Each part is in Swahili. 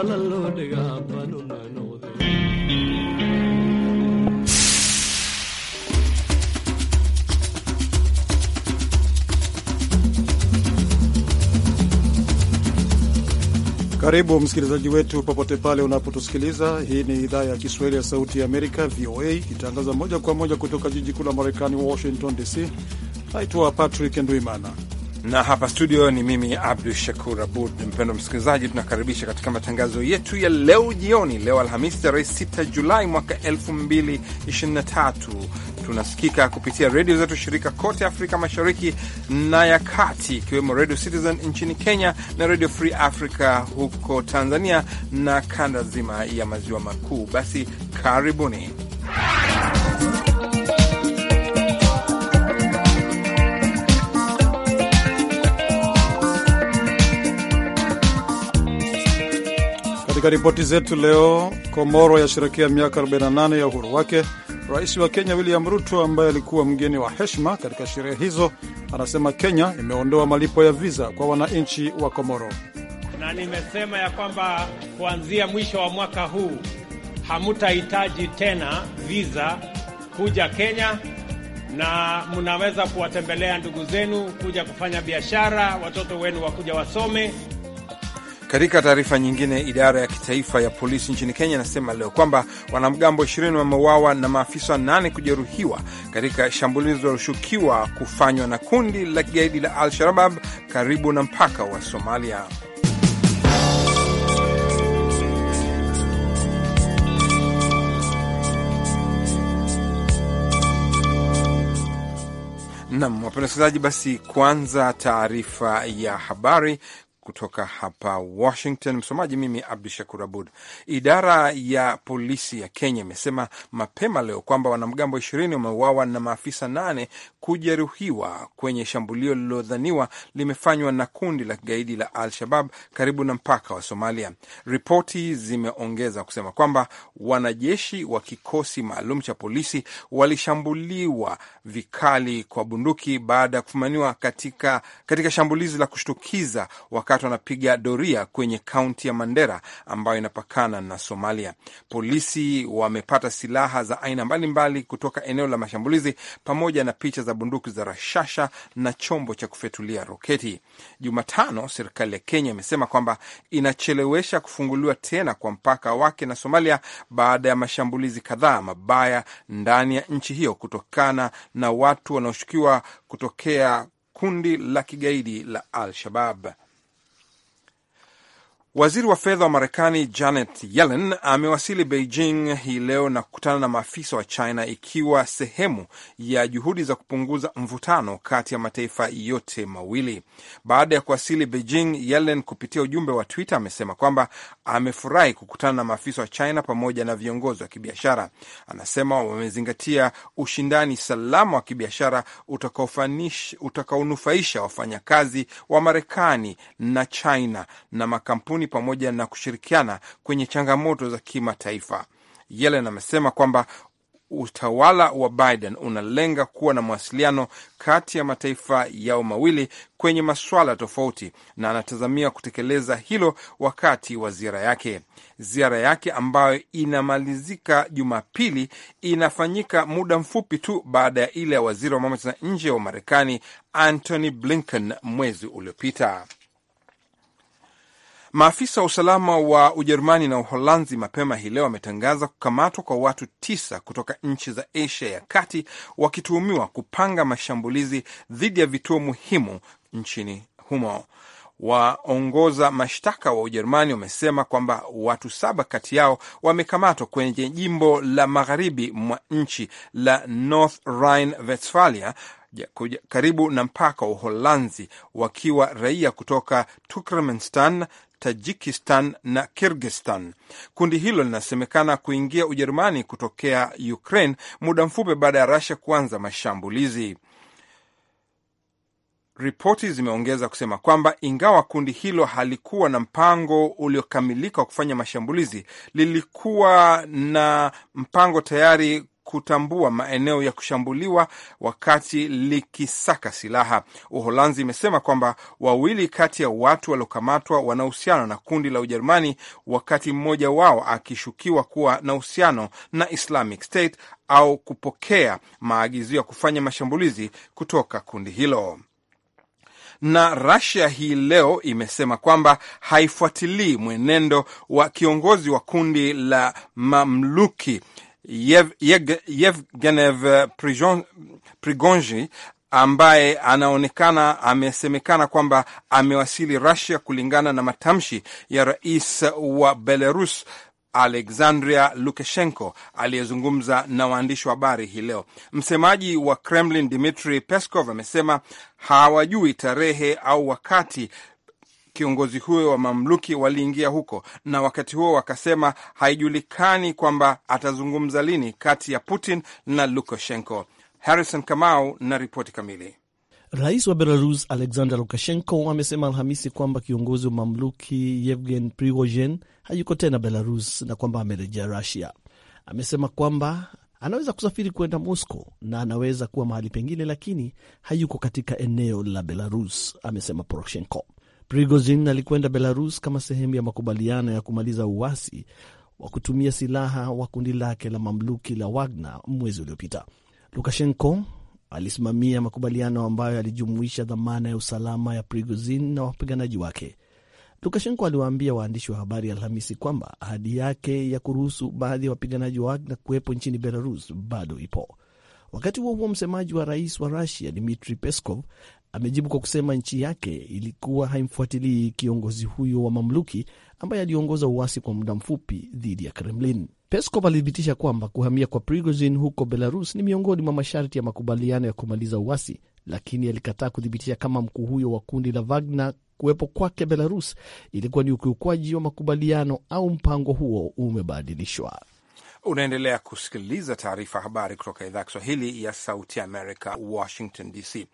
Karibu msikilizaji wetu popote pale unapotusikiliza. Hii ni idhaa ya Kiswahili ya Sauti ya Amerika, VOA, ikitangaza moja kwa moja kutoka jiji kuu la Marekani, Washington DC. Naitwa Patrick Ndwimana na hapa studio ni mimi Abdu Shakur Abud. Mpendo msikilizaji, tunakaribisha katika matangazo yetu ya leo jioni, leo Alhamisi tarehe 6 Julai mwaka 2023. Tunasikika kupitia redio zetu shirika kote Afrika Mashariki na ya Kati, ikiwemo Radio Citizen nchini Kenya na Radio Free Africa huko Tanzania na kanda zima ya maziwa makuu. Basi karibuni Katika ripoti zetu leo, Komoro yasherekea miaka 48 ya uhuru wake. Rais wa Kenya William Ruto, ambaye alikuwa mgeni wa heshima katika sherehe hizo, anasema Kenya imeondoa malipo ya viza kwa wananchi wa Komoro. Na nimesema ya kwamba kuanzia mwisho wa mwaka huu hamutahitaji tena viza kuja Kenya, na mnaweza kuwatembelea ndugu zenu, kuja kufanya biashara, watoto wenu wakuja wasome. Katika taarifa nyingine, idara ya kitaifa ya polisi nchini Kenya inasema leo kwamba wanamgambo 20 wameuawa na maafisa nane kujeruhiwa katika shambulizi walioshukiwa kufanywa na kundi la kigaidi la Al Shabab karibu na mpaka wa Somalia. Nam, wapenda wasikilizaji, basi kwanza taarifa ya habari kutoka hapa Washington. Msomaji mimi Abdu Shakur Abud. Idara ya polisi ya Kenya imesema mapema leo kwamba wanamgambo ishirini wameuawa na maafisa nane kujeruhiwa kwenye shambulio lililodhaniwa limefanywa na kundi la kigaidi la Al Shabab karibu na mpaka wa Somalia. Ripoti zimeongeza kusema kwamba wanajeshi wa kikosi maalum cha polisi walishambuliwa vikali kwa bunduki baada ya kufumaniwa katika, katika shambulizi la kushtukiza wakati wanapiga doria kwenye kaunti ya Mandera ambayo inapakana na Somalia. Polisi wamepata silaha za aina mbalimbali kutoka eneo la mashambulizi pamoja na picha za bunduki za rashasha na chombo cha kufyatulia roketi. Jumatano, serikali ya Kenya imesema kwamba inachelewesha kufunguliwa tena kwa mpaka wake na Somalia baada ya mashambulizi kadhaa mabaya ndani ya nchi hiyo kutokana na watu wanaoshukiwa kutokea kundi la kigaidi la Al-Shabab. Waziri wa fedha wa Marekani Janet Yellen amewasili Beijing hii leo na kukutana na maafisa wa China ikiwa sehemu ya juhudi za kupunguza mvutano kati ya mataifa yote mawili. Baada ya kuwasili Beijing, Yellen kupitia ujumbe wa Twitter amesema kwamba amefurahi kukutana na maafisa wa China pamoja na viongozi wa kibiashara. Anasema wamezingatia ushindani salama wa kibiashara utakaonufaisha wafanyakazi wa Marekani na China na makampuni karibuni pamoja na kushirikiana kwenye changamoto za kimataifa. Yellen amesema kwamba utawala wa Biden unalenga kuwa na mawasiliano kati ya mataifa yao mawili kwenye masuala tofauti, na anatazamia kutekeleza hilo wakati wa ziara yake. Ziara yake ambayo inamalizika Jumapili inafanyika muda mfupi tu baada ya ile ya waziri wa mambo ya nje wa Marekani Antony Blinken mwezi uliopita. Maafisa wa usalama wa Ujerumani na Uholanzi mapema hii leo wametangaza kukamatwa kwa watu tisa kutoka nchi za Asia ya kati wakituhumiwa kupanga mashambulizi dhidi ya vituo muhimu nchini humo. Waongoza mashtaka wa Ujerumani wamesema kwamba watu saba kati yao wamekamatwa kwenye jimbo la magharibi mwa nchi la North Rhine-Westphalia karibu na mpaka wa Uholanzi, wakiwa raia kutoka Turkmenistan, Tajikistan na Kirgistan. Kundi hilo linasemekana kuingia Ujerumani kutokea Ukraine muda mfupi baada ya Russia kuanza mashambulizi. Ripoti zimeongeza kusema kwamba ingawa kundi hilo halikuwa na mpango uliokamilika wa kufanya mashambulizi, lilikuwa na mpango tayari kutambua maeneo ya kushambuliwa wakati likisaka silaha. Uholanzi imesema kwamba wawili kati ya watu waliokamatwa uhusiano na kundi la Ujerumani, wakati mmoja wao akishukiwa kuwa na uhusiano na Islamic State au kupokea maagizo ya kufanya mashambulizi kutoka kundi hilo na rasia hii leo imesema kwamba haifuatilii mwenendo wa kiongozi wa kundi la mamluki Yevgenev eh, Prigonji ambaye anaonekana amesemekana kwamba amewasili Russia kulingana na matamshi ya rais wa Belarus Alexandria Lukashenko aliyezungumza na waandishi wa habari hii leo. Msemaji wa Kremlin Dmitri Peskov amesema hawajui tarehe au wakati kiongozi huyo wa mamluki waliingia huko, na wakati huo wakasema haijulikani kwamba atazungumza lini kati ya Putin na Lukashenko. Harrison Kamau na ripoti kamili. Rais wa Belarus Alexander Lukashenko amesema Alhamisi kwamba kiongozi wa mamluki Yevgen Prigozhin hayuko tena Belarus na kwamba amerejea Rusia. Amesema kwamba anaweza kusafiri kwenda Moscow na anaweza kuwa mahali pengine, lakini hayuko katika eneo la Belarus, amesema Poroshenko. Prigozhin alikwenda Belarus kama sehemu ya makubaliano ya kumaliza uasi wa kutumia silaha wa kundi lake la mamluki la Wagner mwezi uliopita. Lukashenko alisimamia makubaliano ambayo yalijumuisha dhamana ya usalama ya Prigozhin na wapiganaji wake. Lukashenko aliwaambia waandishi wa habari Alhamisi kwamba ahadi yake ya kuruhusu baadhi ya wapiganaji wa Wagner kuwepo nchini Belarus bado ipo. Wakati huo huo, msemaji wa rais wa Rusia Dmitri Peskov amejibu kwa kusema nchi yake ilikuwa haimfuatilii kiongozi huyo wa mamluki ambaye aliongoza uasi kwa muda mfupi dhidi ya Kremlin. Peskov alithibitisha kwamba kuhamia kwa Prigozhin huko Belarus ni miongoni mwa masharti ya makubaliano ya kumaliza uasi, lakini alikataa kuthibitisha kama mkuu huyo wa kundi la Wagner kuwepo kwake Belarus ilikuwa ni ukiukwaji wa makubaliano au mpango huo umebadilishwa. Unaendelea kusikiliza taarifa habari kutoka idhaa ya Kiswahili ya Sauti Amerika, Washington DC.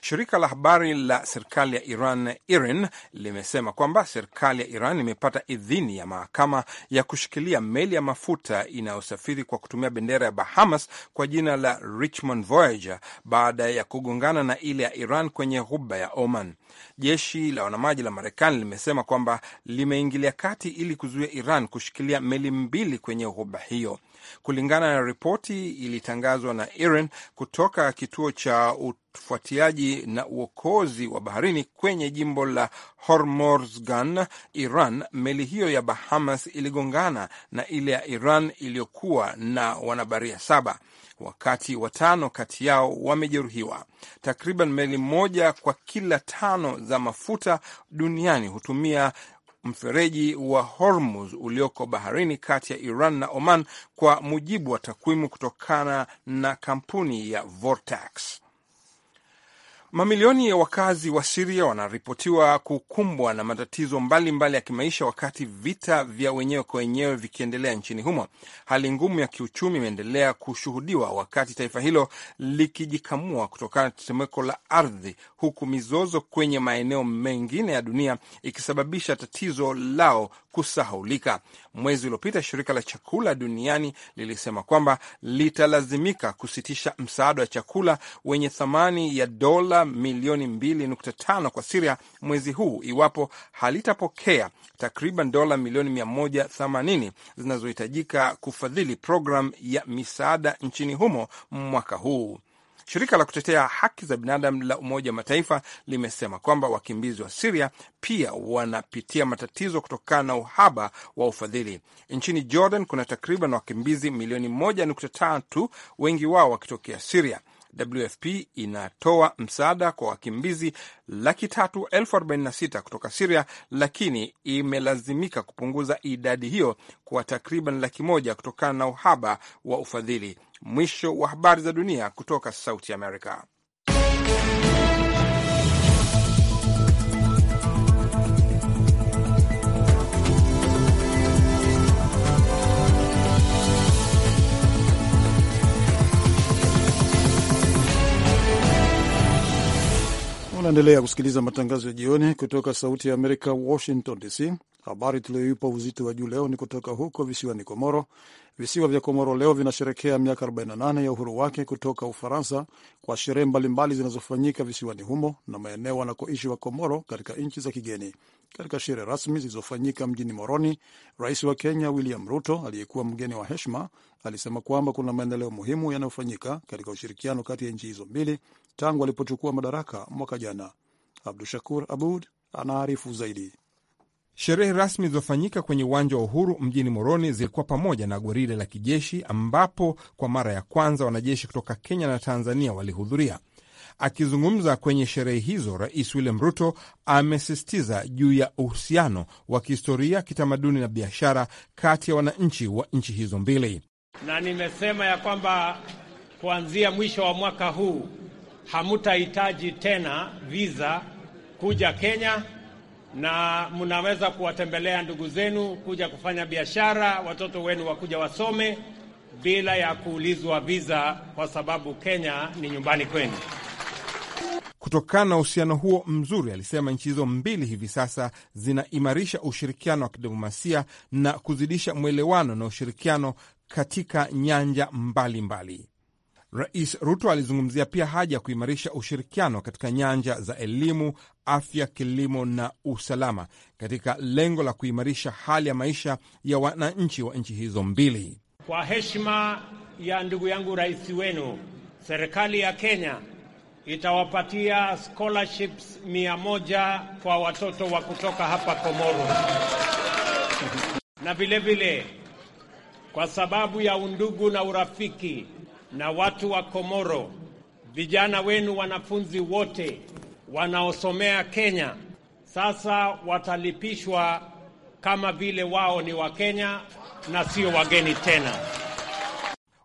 Shirika la habari la serikali ya Iran, IRIN, limesema kwamba serikali ya Iran imepata idhini ya mahakama ya kushikilia meli ya mafuta inayosafiri kwa kutumia bendera ya Bahamas kwa jina la Richmond Voyager baada ya kugongana na ile ya Iran kwenye ghuba ya Oman. Jeshi la wanamaji la Marekani limesema kwamba limeingilia kati ili kuzuia Iran kushikilia meli mbili kwenye ghuba hiyo. Kulingana na ripoti ilitangazwa na Iran kutoka kituo cha ufuatiaji na uokozi wa baharini kwenye jimbo la Hormozgan, Iran, meli hiyo ya Bahamas iligongana na ile ya Iran iliyokuwa na wanabaria saba wakati watano kati yao wamejeruhiwa. Takriban meli moja kwa kila tano za mafuta duniani hutumia mfereji wa Hormuz ulioko baharini kati ya Iran na Oman, kwa mujibu wa takwimu kutokana na kampuni ya Vortex. Mamilioni ya wakazi wa Siria wanaripotiwa kukumbwa na matatizo mbalimbali mbali ya kimaisha wakati vita vya wenyewe kwa wenyewe vikiendelea nchini humo. Hali ngumu ya kiuchumi imeendelea kushuhudiwa wakati taifa hilo likijikamua kutokana na tetemeko la ardhi, huku mizozo kwenye maeneo mengine ya dunia ikisababisha tatizo lao kusahaulika. Mwezi uliopita shirika la chakula duniani lilisema kwamba litalazimika kusitisha msaada wa chakula wenye thamani ya dola milioni 2.5 kwa Siria mwezi huu iwapo halitapokea takriban dola milioni 180 zinazohitajika kufadhili programu ya misaada nchini humo mwaka huu. Shirika la kutetea haki za binadamu la Umoja wa Mataifa limesema kwamba wakimbizi wa Siria pia wanapitia matatizo kutokana na uhaba wa ufadhili. Nchini Jordan kuna takriban wakimbizi milioni moja nukta tatu, wengi wao wakitokea Siria. WFP inatoa msaada kwa wakimbizi laki tatu elfu arobaini na sita kutoka Siria, lakini imelazimika kupunguza idadi hiyo kwa takriban laki moja kutokana na uhaba wa ufadhili. Mwisho wa habari za dunia kutoka Sauti Amerika. Unaendelea kusikiliza matangazo ya jioni kutoka Sauti ya Amerika, Washington DC. Habari tuliyoipa uzito wa juu leo ni kutoka huko visiwani Komoro. Visiwa vya Komoro leo vinasherekea miaka 48 ya uhuru wake kutoka Ufaransa kwa sherehe mbalimbali zinazofanyika visiwani humo na maeneo wanakoishi wa Komoro katika nchi za kigeni. Katika sherehe rasmi zilizofanyika mjini Moroni, rais wa Kenya William Ruto aliyekuwa mgeni wa heshima alisema kwamba kuna maendeleo muhimu yanayofanyika katika ushirikiano kati ya nchi hizo mbili tangu alipochukua madaraka mwaka jana. Abdu Shakur Abud anaarifu zaidi. Sherehe rasmi zilizofanyika kwenye uwanja wa Uhuru mjini Moroni zilikuwa pamoja na gwaride la kijeshi ambapo kwa mara ya kwanza wanajeshi kutoka Kenya na Tanzania walihudhuria. Akizungumza kwenye sherehe hizo, Rais William Ruto amesisitiza juu ya uhusiano wa kihistoria, kitamaduni na biashara kati ya wananchi wa nchi hizo mbili, na nimesema ya kwamba kuanzia mwisho wa mwaka huu hamutahitaji tena visa kuja Kenya na mnaweza kuwatembelea ndugu zenu, kuja kufanya biashara, watoto wenu wakuja wasome bila ya kuulizwa visa, kwa sababu Kenya ni nyumbani kwenu. Kutokana na uhusiano huo mzuri, alisema nchi hizo mbili hivi sasa zinaimarisha ushirikiano wa kidiplomasia na kuzidisha mwelewano na ushirikiano katika nyanja mbalimbali mbali. Rais Ruto alizungumzia pia haja ya kuimarisha ushirikiano katika nyanja za elimu, afya, kilimo na usalama katika lengo la kuimarisha hali ya maisha ya wananchi wa nchi hizo mbili. Kwa heshima ya ndugu yangu rais wenu, serikali ya Kenya itawapatia scholarships mia moja kwa watoto wa kutoka hapa Komoro na vilevile, kwa sababu ya undugu na urafiki na watu wa Komoro, vijana wenu, wanafunzi wote wanaosomea Kenya sasa watalipishwa kama vile wao ni Wakenya na sio wageni tena.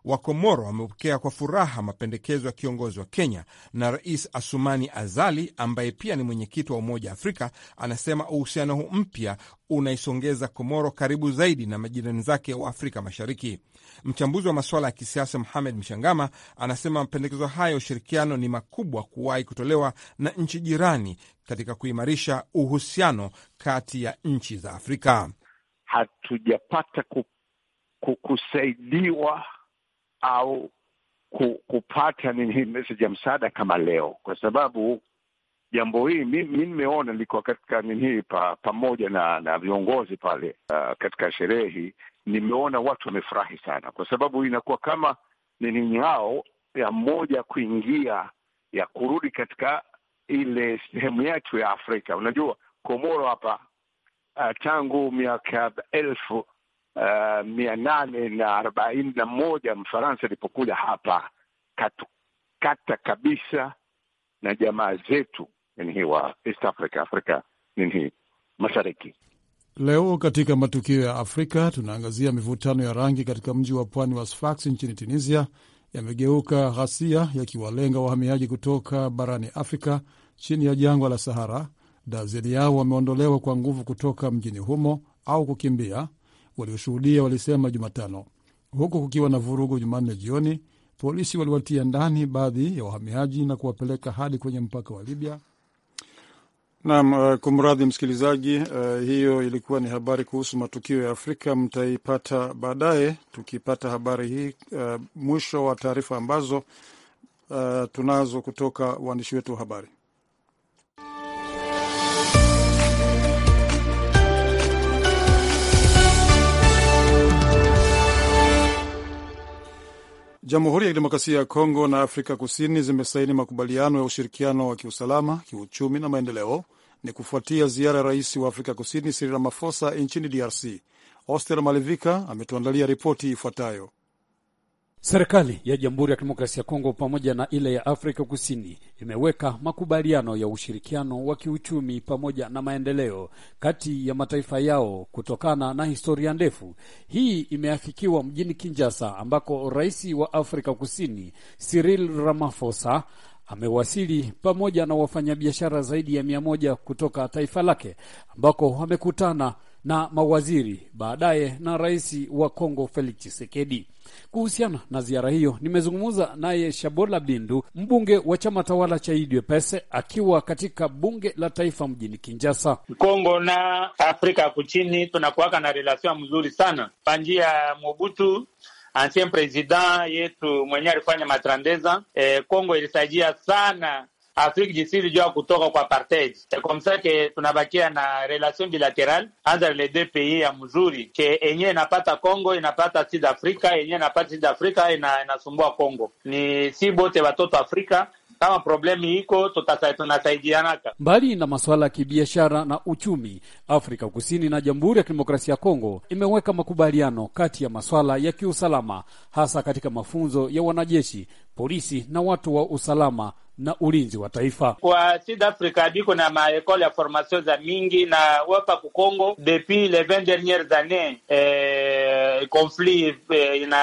Wakomoro wamepokea kwa furaha mapendekezo ya kiongozi wa Kenya na Rais Asumani Azali ambaye pia ni mwenyekiti wa Umoja wa Afrika anasema uhusiano huu mpya unaisongeza Komoro karibu zaidi na majirani zake wa Afrika Mashariki. Mchambuzi wa masuala ya kisiasa muhamed Mshangama anasema mapendekezo haya ya ushirikiano ni makubwa kuwahi kutolewa na nchi jirani katika kuimarisha uhusiano kati ya nchi za Afrika. Hatujapata kusaidiwa au kupata nini message ya msaada kama leo, kwa sababu jambo hii mi nimeona, nilikuwa katika nini hii pa, pamoja na na viongozi pale uh, katika sherehe hii nimeona watu wamefurahi sana, kwa sababu inakuwa kama nini yao ya moja kuingia ya kurudi katika ile sehemu yetu ya Afrika. Unajua Komoro hapa uh, tangu miaka elfu uh, mia nane na arobaini na moja Mfaransa alipokuja hapa katukata kabisa na jamaa zetu nini wa East Africa, Afrika nini mashariki. Leo katika matukio ya Afrika tunaangazia mivutano ya rangi katika mji wa pwani wa Sfax nchini Tunisia yamegeuka ghasia yakiwalenga wahamiaji kutoka barani Afrika chini ya jangwa la Sahara. Dazeni yao wameondolewa kwa nguvu kutoka mjini humo au kukimbia, walioshuhudia walisema Jumatano, huku kukiwa na vurugu. Jumanne jioni, polisi waliwatia ndani baadhi ya wahamiaji na kuwapeleka hadi kwenye mpaka wa Libya. Naam, uh, kumradhi msikilizaji, uh, hiyo ilikuwa ni habari kuhusu matukio ya Afrika. Mtaipata baadaye tukipata habari hii, uh, mwisho wa taarifa ambazo uh, tunazo kutoka waandishi wetu wa habari. Jamhuri ya Kidemokrasia ya Kongo na Afrika Kusini zimesaini makubaliano ya ushirikiano wa kiusalama, kiuchumi na maendeleo. Ni kufuatia ziara ya rais wa Afrika Kusini Cyril Ramaphosa nchini DRC. Oster Malivika ametuandalia ripoti ifuatayo. Serikali ya Jamhuri ya Kidemokrasia ya Kongo pamoja na ile ya Afrika Kusini imeweka makubaliano ya ushirikiano wa kiuchumi pamoja na maendeleo kati ya mataifa yao kutokana na historia ndefu. Hii imeafikiwa mjini Kinshasa ambako Rais wa Afrika Kusini Cyril Ramaphosa amewasili pamoja na wafanyabiashara zaidi ya mia moja kutoka taifa lake ambako wamekutana na mawaziri baadaye na rais wa Kongo Felix Tshisekedi. Kuhusiana na ziara hiyo, nimezungumza naye Shabola Bindu, mbunge wa chama tawala cha UDPS akiwa katika bunge la taifa mjini Kinjasa. Kongo na Afrika ya kuchini tunakuwaka na relasio mzuri sana kwa njia ya Mobutu ancien president yetu mwenyewe alifanya matrandeza. E, eh, Kongo ilisaidia sana Afrique du Sud juu ya kutoka kwa apartheid. Kwa msake tunabakia na relation bilateral entre les deux pays ya mzuri ke enyewe inapata Congo inapata Sud Africa enyewe inapata South Africa ina, inasumbua Congo. Ni si bote watoto Afrika kama problemi iko tunasaidianaka. Mbali na masuala ya kibiashara na uchumi, Afrika Kusini na Jamhuri ya Kidemokrasia ya Kongo imeweka makubaliano kati ya masuala ya kiusalama, hasa katika mafunzo ya wanajeshi polisi na watu wa usalama na ulinzi wa taifa. Kwa Sud Africa biko na maekole ya formation za mingi na wapa ku Congo depuis les vingt dernières années eh, conflit eh, ina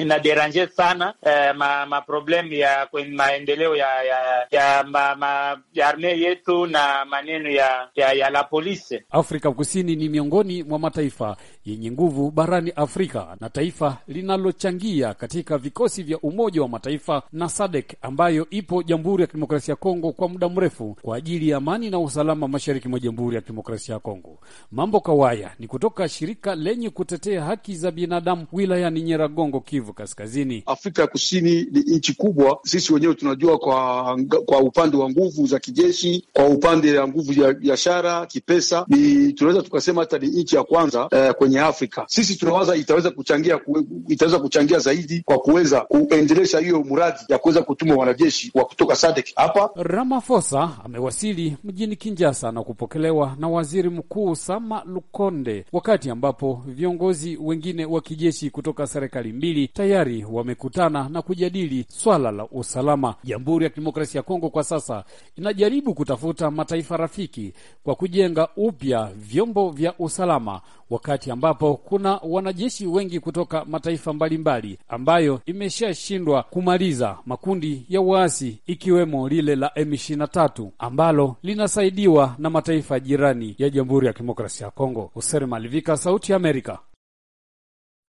ina derange sana eh, ma, ma problem ya maendeleo ya ya, ya, ma, ma, ya arme yetu na maneno ya, ya, ya la polisi. Afrika Kusini ni miongoni mwa mataifa yenye nguvu barani Afrika na taifa linalochangia katika vikosi vya Umoja wa Mataifa kimataifa na SADEK ambayo ipo Jamhuri ya Kidemokrasia ya Kongo kwa muda mrefu kwa ajili ya amani na usalama mashariki mwa Jamhuri ya Kidemokrasia ya Kongo. Mambo Kawaya ni kutoka shirika lenye kutetea haki za binadamu wilayani Nyeragongo, Kivu Kaskazini. Afrika ya Kusini ni nchi kubwa, sisi wenyewe tunajua kwa, kwa upande wa nguvu za kijeshi, kwa upande wa nguvu ya biashara kipesa, ni tunaweza tukasema hata ni nchi ya kwanza eh, kwenye Afrika. Sisi tunawaza itaweza kuchangia, itaweza kuchangia zaidi kwa kuweza kuendelesha hiyo muradi ya kuweza kutuma wanajeshi wa kutoka SADC hapa. Ramaphosa amewasili mjini Kinshasa na kupokelewa na waziri mkuu Sama Lukonde, wakati ambapo viongozi wengine wa kijeshi kutoka serikali mbili tayari wamekutana na kujadili swala la usalama. Jamhuri ya Kidemokrasia ya Kongo kwa sasa inajaribu kutafuta mataifa rafiki kwa kujenga upya vyombo vya usalama wakati ambapo kuna wanajeshi wengi kutoka mataifa mbalimbali ambayo imeshashindwa kumaliza makundi ya waasi ikiwemo lile la M23 ambalo linasaidiwa na mataifa jirani ya Jamhuri ya Kidemokrasia ya Kongo. hoseni Malivika, Sauti ya Amerika.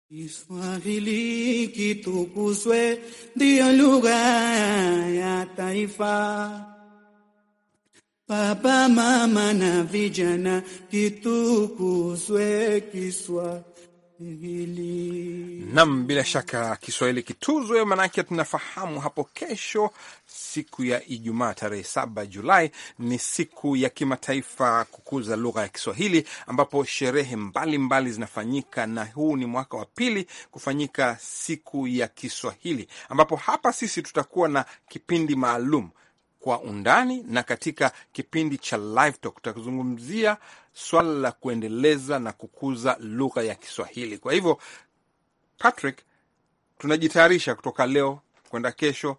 Kiswahili kitukuzwe, ndiyo lugha ya taifa Papa, mama na vijana kitukuzwe Kiswahili. Nam, bila shaka Kiswahili kituzwe, maanake tunafahamu hapo kesho, siku ya Ijumaa tarehe saba Julai ni siku ya kimataifa kukuza lugha ya Kiswahili, ambapo sherehe mbalimbali mbali zinafanyika, na huu ni mwaka wa pili kufanyika siku ya Kiswahili, ambapo hapa sisi tutakuwa na kipindi maalum kwa undani, na katika kipindi cha Live Talk swala la kuendeleza na kukuza lugha ya Kiswahili. Kwa hivyo, Patrick, tunajitayarisha kutoka leo kwenda kesho.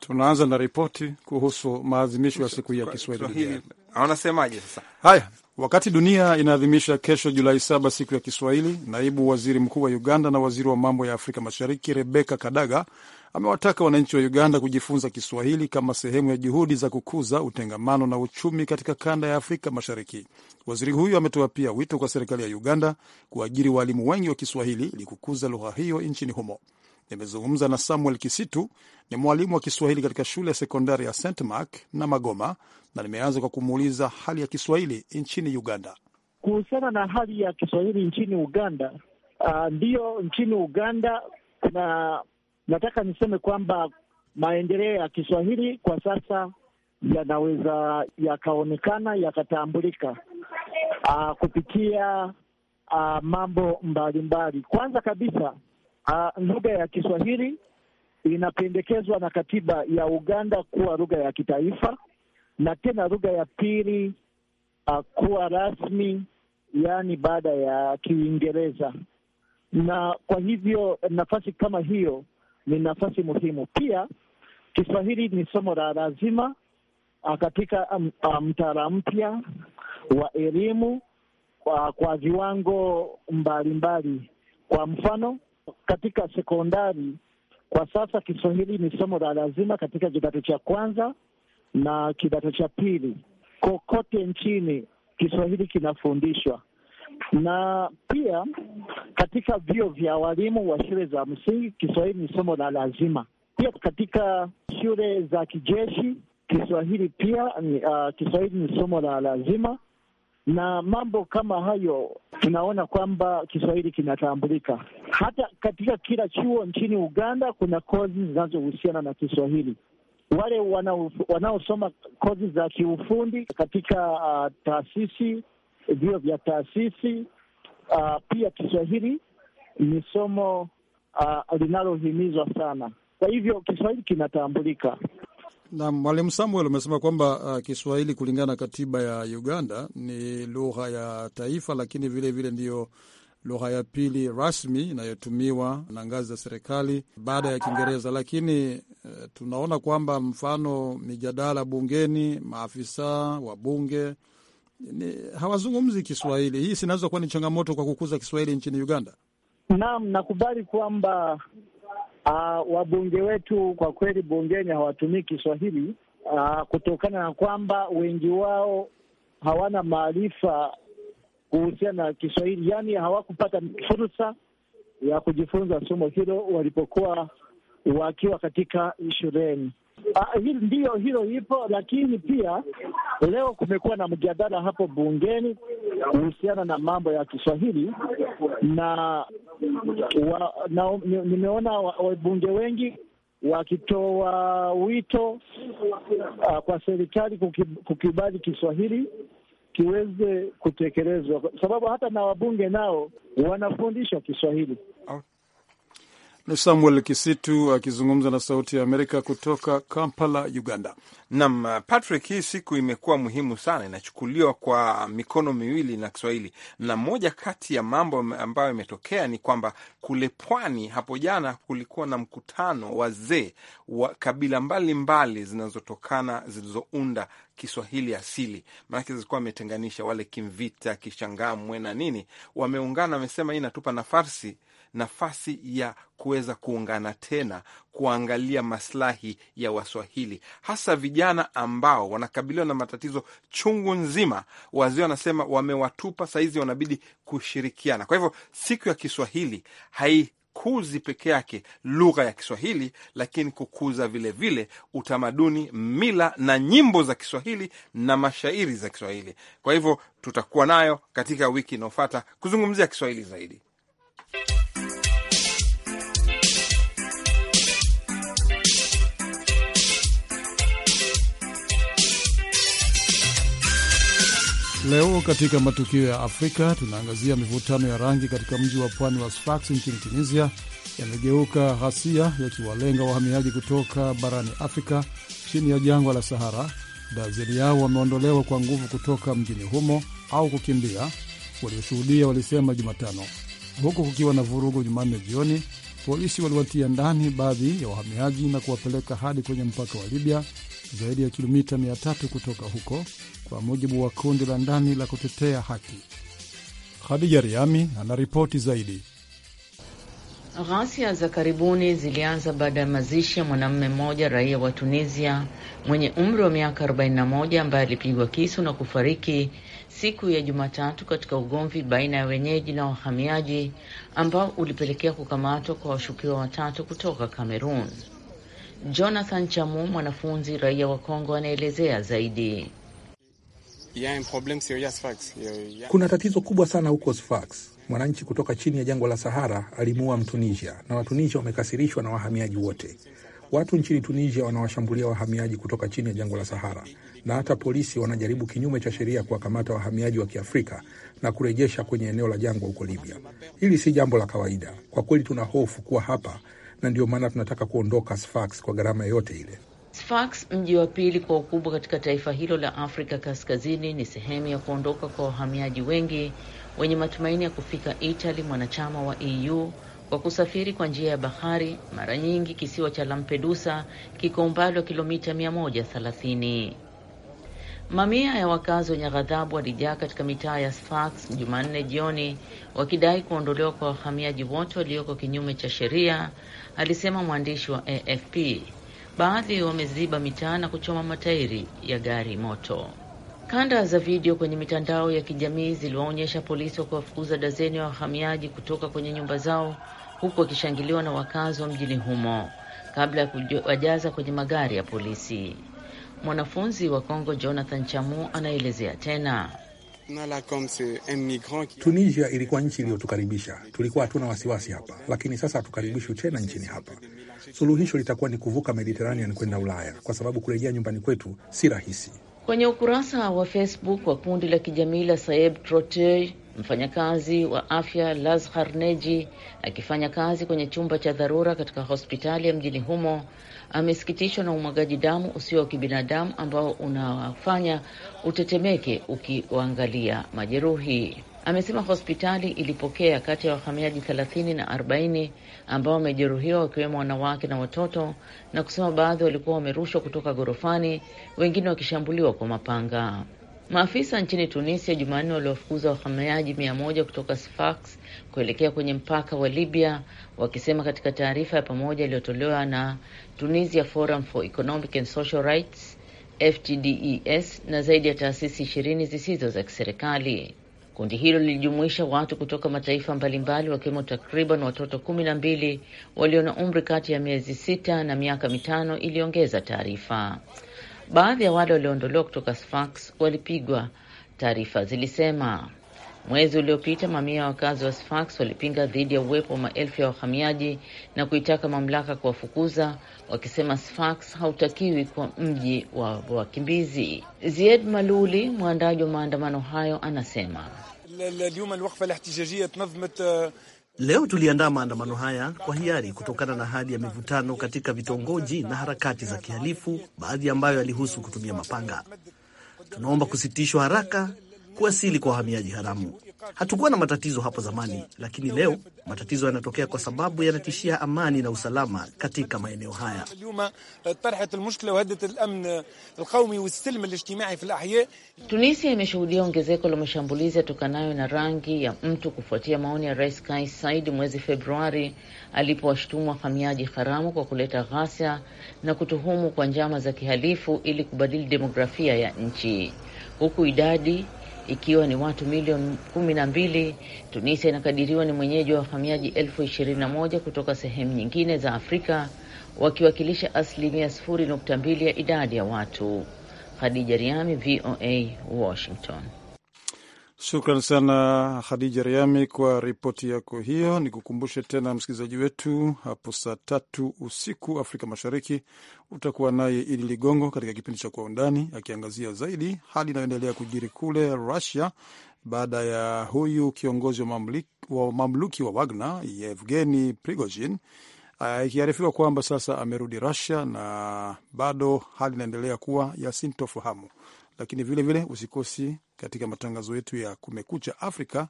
Tunaanza na ripoti kuhusu maadhimisho ya siku ya Kiswahili. Anasemaje sasa? Haya, wakati dunia inaadhimisha kesho Julai saba siku ya Kiswahili, naibu waziri mkuu wa Uganda na waziri wa mambo ya Afrika Mashariki Rebeka Kadaga amewataka wananchi wa Uganda kujifunza Kiswahili kama sehemu ya juhudi za kukuza utengamano na uchumi katika kanda ya Afrika Mashariki. Waziri huyo ametoa pia wito kwa serikali ya Uganda kuajiri waalimu wengi wa Kiswahili ili kukuza lugha hiyo nchini humo. Nimezungumza na Samuel Kisitu, ni mwalimu wa Kiswahili katika shule ya sekondari ya St Mark na Magoma, na nimeanza kwa kumuuliza hali ya Kiswahili nchini Uganda. Kuhusiana na hali ya Kiswahili nchini Uganda, uh, ndiyo nchini Uganda kuna nataka niseme kwamba maendeleo ya Kiswahili kwa sasa yanaweza yakaonekana yakatambulika uh, kupitia uh, mambo mbalimbali. Kwanza kabisa ah, lugha ya Kiswahili inapendekezwa na katiba ya Uganda kuwa lugha ya kitaifa na tena lugha ya pili uh, kuwa rasmi, yaani baada ya Kiingereza. Na kwa hivyo nafasi kama hiyo ni nafasi muhimu. Pia Kiswahili ni somo la lazima ah, katika um, ah, mtaala mpya wa elimu kwa, ah, kwa viwango mbalimbali. Kwa mfano katika sekondari kwa sasa Kiswahili ni somo la lazima katika kidato cha kwanza na kidato cha pili. Kokote nchini Kiswahili kinafundishwa na pia katika vio vya walimu wa shule za msingi Kiswahili ni somo la lazima. Pia katika shule za kijeshi Kiswahili pia uh, Kiswahili ni somo la lazima na mambo kama hayo, tunaona kwamba Kiswahili kinatambulika. Hata katika kila chuo nchini Uganda kuna kozi zinazohusiana na Kiswahili. Wale wanaosoma kozi za kiufundi katika uh, taasisi vyo vya taasisi. Uh, pia Kiswahili ni somo uh, linalohimizwa sana, kwa hivyo Kiswahili kinatambulika. nam Mwalimu Samuel umesema kwamba uh, Kiswahili kulingana na katiba ya Uganda ni lugha ya taifa, lakini vile vile ndiyo lugha ya pili rasmi inayotumiwa na ngazi za serikali baada ya Kiingereza. Lakini uh, tunaona kwamba mfano mijadala bungeni, maafisa wa bunge hawazungumzi Kiswahili. Hii sinaweza kuwa ni changamoto kwa kukuza Kiswahili nchini Uganda. Naam, nakubali kwamba uh, wabunge wetu kwa kweli bungeni hawatumii Kiswahili uh, kutokana na kwamba wengi wao hawana maarifa kuhusiana na Kiswahili, yaani hawakupata fursa ya kujifunza somo hilo walipokuwa wakiwa katika shuleni. Ah, hili ndiyo hilo ipo, lakini pia leo kumekuwa na mjadala hapo bungeni kuhusiana na mambo ya Kiswahili na, wa, na nimeona wabunge wa wengi wakitoa wito uh, kwa serikali kukibali Kiswahili kiweze kutekelezwa, sababu hata na wabunge nao wanafundishwa Kiswahili. Ni Samuel Kisitu akizungumza na Sauti ya Amerika kutoka Kampala, Uganda. Nam uh, Patrick, hii siku imekuwa muhimu sana, inachukuliwa kwa mikono miwili na Kiswahili, na moja kati ya mambo ambayo imetokea ni kwamba kule pwani hapo jana kulikuwa na mkutano wazee wa kabila mbalimbali zinazotokana zilizounda Kiswahili asili, maanake zilikuwa wametenganisha wale Kimvita, Kishangamwe na nini, wameungana, wamesema hii inatupa nafasi nafasi ya kuweza kuungana tena kuangalia maslahi ya Waswahili, hasa vijana ambao wanakabiliwa na matatizo chungu nzima. Wazee wanasema wamewatupa, sahizi wanabidi kushirikiana. Kwa hivyo siku ya Kiswahili hai kuzi peke yake lugha ya Kiswahili, lakini kukuza vilevile vile utamaduni, mila na nyimbo za Kiswahili na mashairi za Kiswahili. Kwa hivyo tutakuwa nayo katika wiki inayofuata kuzungumzia Kiswahili zaidi. Leo katika matukio ya Afrika tunaangazia mivutano ya rangi katika mji wa pwani wa Sfax nchini Tunisia yamegeuka ghasia yakiwalenga wahamiaji kutoka barani Afrika chini ya jangwa la Sahara. Dazeni yao wameondolewa kwa nguvu kutoka mjini humo au kukimbia, walioshuhudia walisema Jumatano, huku kukiwa na vurugu. Jumanne jioni polisi waliwatia ndani baadhi ya wahamiaji na kuwapeleka hadi kwenye mpaka wa Libya, zaidi ya kilomita 300 kutoka huko, kwa mujibu wa kundi la ndani la kutetea haki. Khadija Riami anaripoti zaidi. Ghasia za karibuni zilianza baada ya mazishi ya mwanamume mmoja raia wa Tunisia mwenye umri wa miaka 41 ambaye alipigwa kisu na kufariki siku ya Jumatatu katika ugomvi baina ya wenyeji na wahamiaji ambao ulipelekea kukamatwa kwa washukiwa watatu kutoka Kamerun. Jonathan Chamu, mwanafunzi raia wa Kongo, anaelezea zaidi. Kuna tatizo kubwa sana huko Sfax. Mwananchi kutoka chini ya jangwa la Sahara alimuua Mtunisia na Watunisia wamekasirishwa na wahamiaji wote. Watu nchini Tunisia wanawashambulia wahamiaji kutoka chini ya jangwa la Sahara, na hata polisi wanajaribu kinyume cha sheria kuwakamata wahamiaji wa Kiafrika na kurejesha kwenye eneo la jangwa huko Libya. Hili si jambo la kawaida kwa kweli, tuna hofu kuwa hapa, na ndio maana tunataka kuondoka Sfax kwa gharama yoyote ile. Sfax, mji wa pili kwa ukubwa katika taifa hilo la Afrika Kaskazini, ni sehemu ya kuondoka kwa wahamiaji wengi wenye matumaini ya kufika Itali, mwanachama wa EU, kwa kusafiri kwa njia ya bahari. Mara nyingi kisiwa cha Lampedusa kiko umbali wa kilomita 130. Mamia ya wakazi wenye ghadhabu walijaa katika mitaa ya Sfax Jumanne jioni wakidai kuondolewa kwa wahamiaji wote walioko kinyume cha sheria, alisema mwandishi wa AFP. Baadhi wameziba mitaa na kuchoma matairi ya gari moto. Kanda za video kwenye mitandao ya kijamii ziliwaonyesha polisi wakiwafukuza dazeni ya wa wahamiaji kutoka kwenye nyumba zao huku wakishangiliwa na wakazi wa mjini humo kabla ya kuwajaza kwenye magari ya polisi. Mwanafunzi wa Kongo Jonathan Chamu anaelezea tena. Tunisia ilikuwa nchi iliyotukaribisha, tulikuwa hatuna wasiwasi hapa, lakini sasa hatukaribishwi tena nchini hapa. Suluhisho litakuwa ni kuvuka Mediterranean kwenda Ulaya, kwa sababu kurejea nyumbani kwetu si rahisi. Kwenye ukurasa wa Facebook wa kundi la kijamii la Saeb Trote Mfanyakazi wa afya Lazhar Neji akifanya kazi kwenye chumba cha dharura katika hospitali ya mjini humo amesikitishwa na umwagaji damu usio wa kibinadamu ambao unawafanya utetemeke ukiwaangalia majeruhi. Amesema hospitali ilipokea kati ya wahamiaji 30 na 40 ambao wamejeruhiwa wakiwemo wanawake na watoto, na kusema baadhi walikuwa wamerushwa kutoka ghorofani, wengine wakishambuliwa kwa mapanga. Maafisa nchini Tunisia Jumanne waliwafukuza wahamiaji mia moja kutoka Sfax kuelekea kwenye mpaka wa Libya, wakisema katika taarifa ya pamoja iliyotolewa na Tunisia Forum for Economic and Social Rights FTDES na zaidi ya taasisi ishirini zisizo za kiserikali. Kundi hilo lilijumuisha watu kutoka mataifa mbalimbali wakiwemo takriban watoto kumi na mbili walio na umri kati ya miezi sita na miaka mitano, iliongeza taarifa. Baadhi ya wale walioondolewa kutoka Sfax walipigwa, taarifa zilisema. Mwezi uliopita mamia ya wakazi wa Sfax walipinga dhidi ya uwepo wa maelfu ya wahamiaji na kuitaka mamlaka kuwafukuza, wakisema Sfax hautakiwi kwa mji wa wakimbizi. Zied Maluli, mwandaji wa maandamano hayo, anasema Leo tuliandaa maandamano haya kwa hiari kutokana na hali ya mivutano katika vitongoji na harakati za kihalifu, baadhi ambayo yalihusu kutumia mapanga. Tunaomba kusitishwa haraka kuwasili kwa wahamiaji haramu. Hatukuwa na matatizo hapo zamani, lakini leo matatizo yanatokea kwa sababu yanatishia amani na usalama katika maeneo haya. Tunisia imeshuhudia ongezeko la mashambulizi yatokanayo na rangi ya mtu kufuatia maoni ya Rais Kais Said mwezi Februari alipowashutumu wahamiaji haramu kwa kuleta ghasia na kutuhumu kwa njama za kihalifu ili kubadili demografia ya nchi huku idadi ikiwa ni watu milioni kumi na mbili. Tunisia inakadiriwa ni mwenyeji wa wahamiaji elfu ishirini na moja kutoka sehemu nyingine za Afrika, wakiwakilisha asilimia sifuri nukta mbili ya idadi ya watu. Khadija Riami, VOA, Washington. Shukran sana Khadija Riami kwa ripoti yako hiyo. Ni kukumbushe tena msikilizaji wetu, hapo saa tatu usiku Afrika Mashariki utakuwa naye Idi Ligongo katika kipindi cha Kwa Undani, akiangazia zaidi hali inayoendelea kujiri kule Russia baada ya huyu kiongozi wa mamluki wa Wagner Yevgeni Prigozhin ikiarifiwa kwamba sasa amerudi Russia, na bado hali inaendelea kuwa ya sintofahamu, lakini vilevile vile usikosi katika matangazo yetu ya Kumekucha Afrika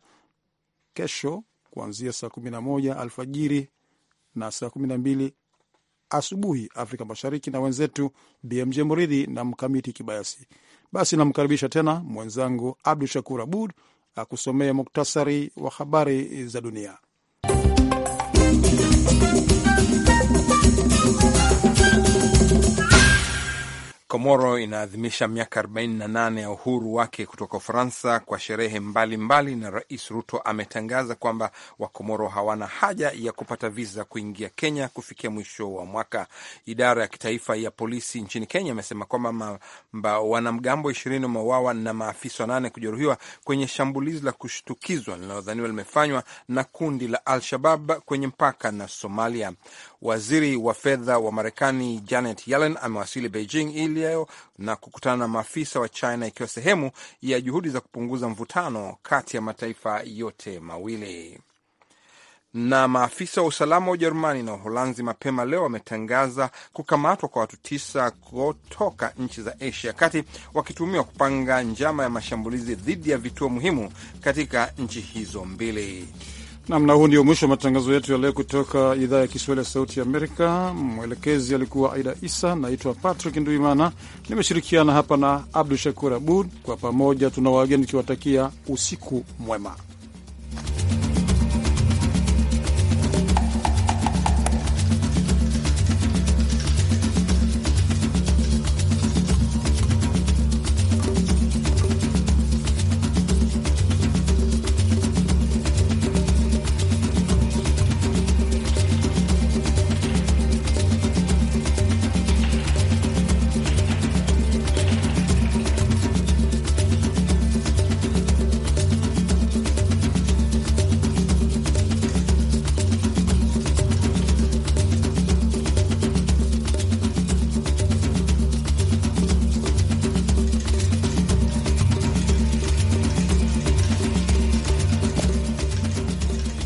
kesho kuanzia saa kumi na moja alfajiri na saa kumi na mbili asubuhi Afrika Mashariki, na wenzetu BMJ Muridhi na Mkamiti Kibayasi. Basi namkaribisha tena mwenzangu Abdu Shakur Abud akusomea muktasari wa habari za dunia. Komoro inaadhimisha miaka 48 ya uhuru wake kutoka Ufaransa kwa sherehe mbalimbali mbali, na Rais Ruto ametangaza kwamba Wakomoro hawana haja ya kupata viza kuingia Kenya kufikia mwisho wa mwaka. Idara ya kitaifa ya polisi nchini Kenya amesema kwamba wanamgambo ishirini wameuawa na maafisa wanane kujeruhiwa kwenye shambulizi la kushtukizwa linalodhaniwa limefanywa na kundi la Al Shabab kwenye mpaka na Somalia. Waziri wa fedha wa Marekani Janet Yellen amewasili Beijing hii leo na kukutana na maafisa wa China, ikiwa sehemu ya juhudi za kupunguza mvutano kati ya mataifa yote mawili. Na maafisa wa usalama wa Ujerumani na Uholanzi mapema leo wametangaza kukamatwa kwa watu tisa kutoka nchi za Asia kati wakitumiwa kupanga njama ya mashambulizi dhidi ya vituo muhimu katika nchi hizo mbili namna. Huu ndio mwisho wa matangazo yetu ya leo kutoka idhaa ya Kiswahili ya Sauti ya Amerika. Mwelekezi alikuwa Aida Isa. Naitwa Patrick Nduimana, nimeshirikiana hapa na Abdu Shakur Abud. Kwa pamoja tuna wageni tukiwatakia usiku mwema.